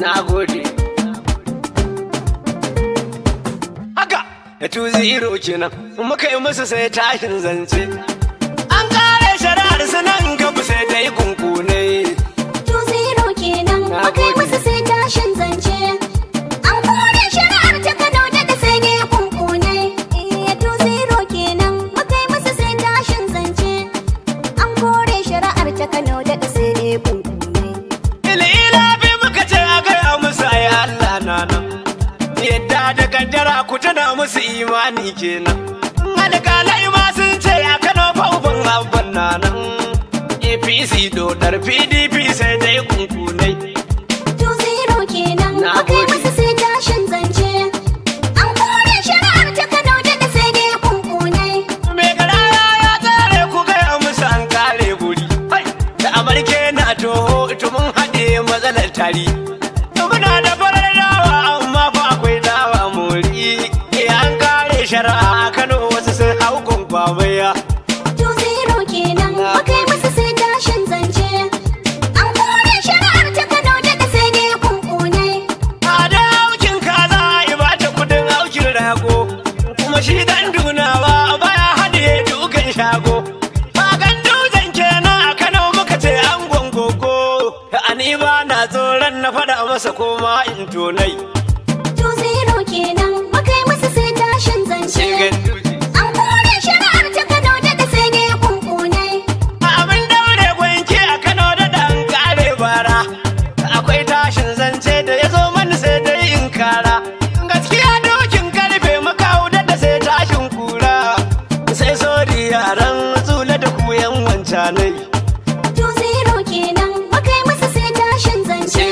na gode haka ya tuzi iro kenan muka yi musu sai tashin zance an kare shari'ar sanan gaba sai ta yi kunkune tuzi iro kenan muka yi musu sai tashin zance kaddara ku tuna musu imani kenan alƙalai ma sun ce a kano fa uban abban nanan apc dodar pdp sai dai kunkunai to zero kenan ba kai masa sai tashin zance an kore shari'ar ta kano sai dai kunkunai mai garaya ya tsare ku gaya musu an kare guri da amarke na toho ita mun haɗe matsalar tari kuma shi dan dunawa baya hadiye dukan shago Fagan dutsen kenan a Kano muka ce an Da Ani ba na tsoron na faɗa masa koma in tonai To zero kenan makai masa sai tashin zance tanai. Tu zero kenan makai masa sai tashin zance.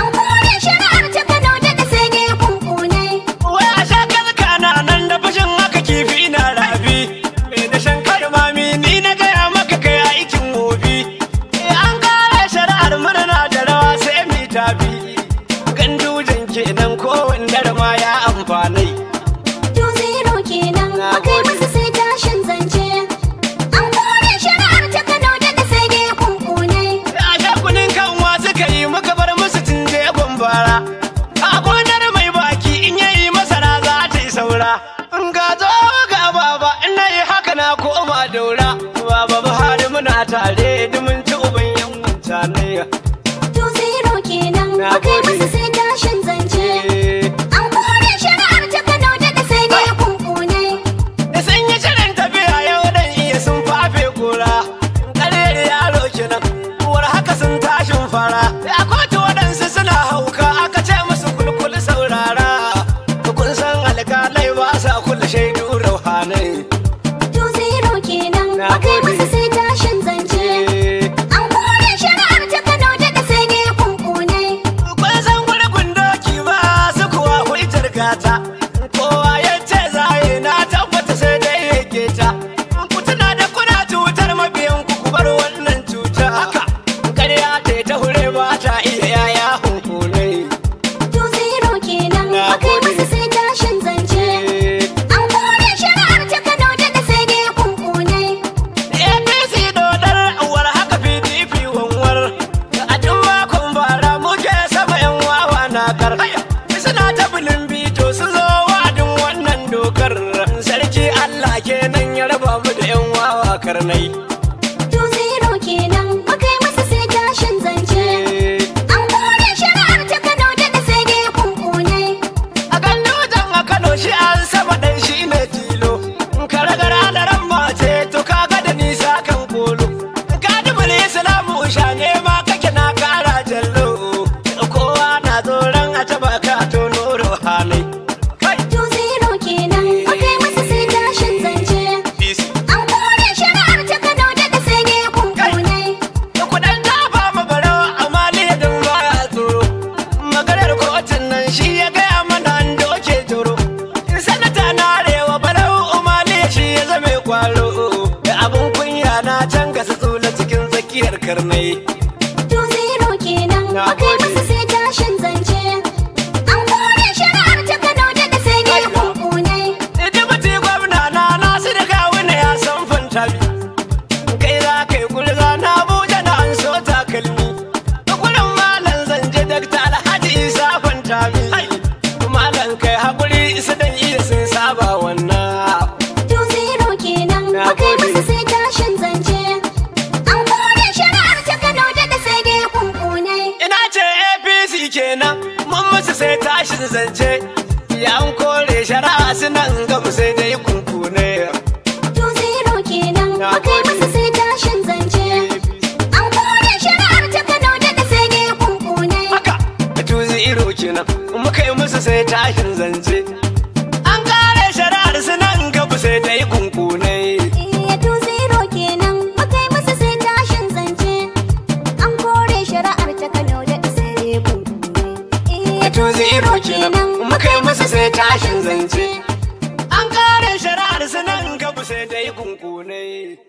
An kore shari'ar ta Kano da sai ne kunkune. Wai a sha kalka na nan da fashin haka kifi na rabi. Mai da shan kalmami ni na gaya maka kai aikin wobi. Eh, an kare shari'ar murna da rawa sai mi tabi. Gandujan kenan muna tare dumin ci uban yan mutane. To zero kenan ba kai masa sai dashin zance. Eh. An kore shari'ar ta Kano da da sai ne kunkune. Da shirin tafiya yau dan iya sun fafe kura. Karere yaro kenan uwar haka sun tashin fara. A kotu waɗansu suna hauka aka ce musu kulkul saurara. Kun san alƙalai ba sa kula shaidu rauhanai. To zero kenan ba kai கருணை करने musu sai tashin zance an kore shara suna ga sai dai kunkune sai tashin zance an kare shari'ar sanan gabu sai dai kunkunai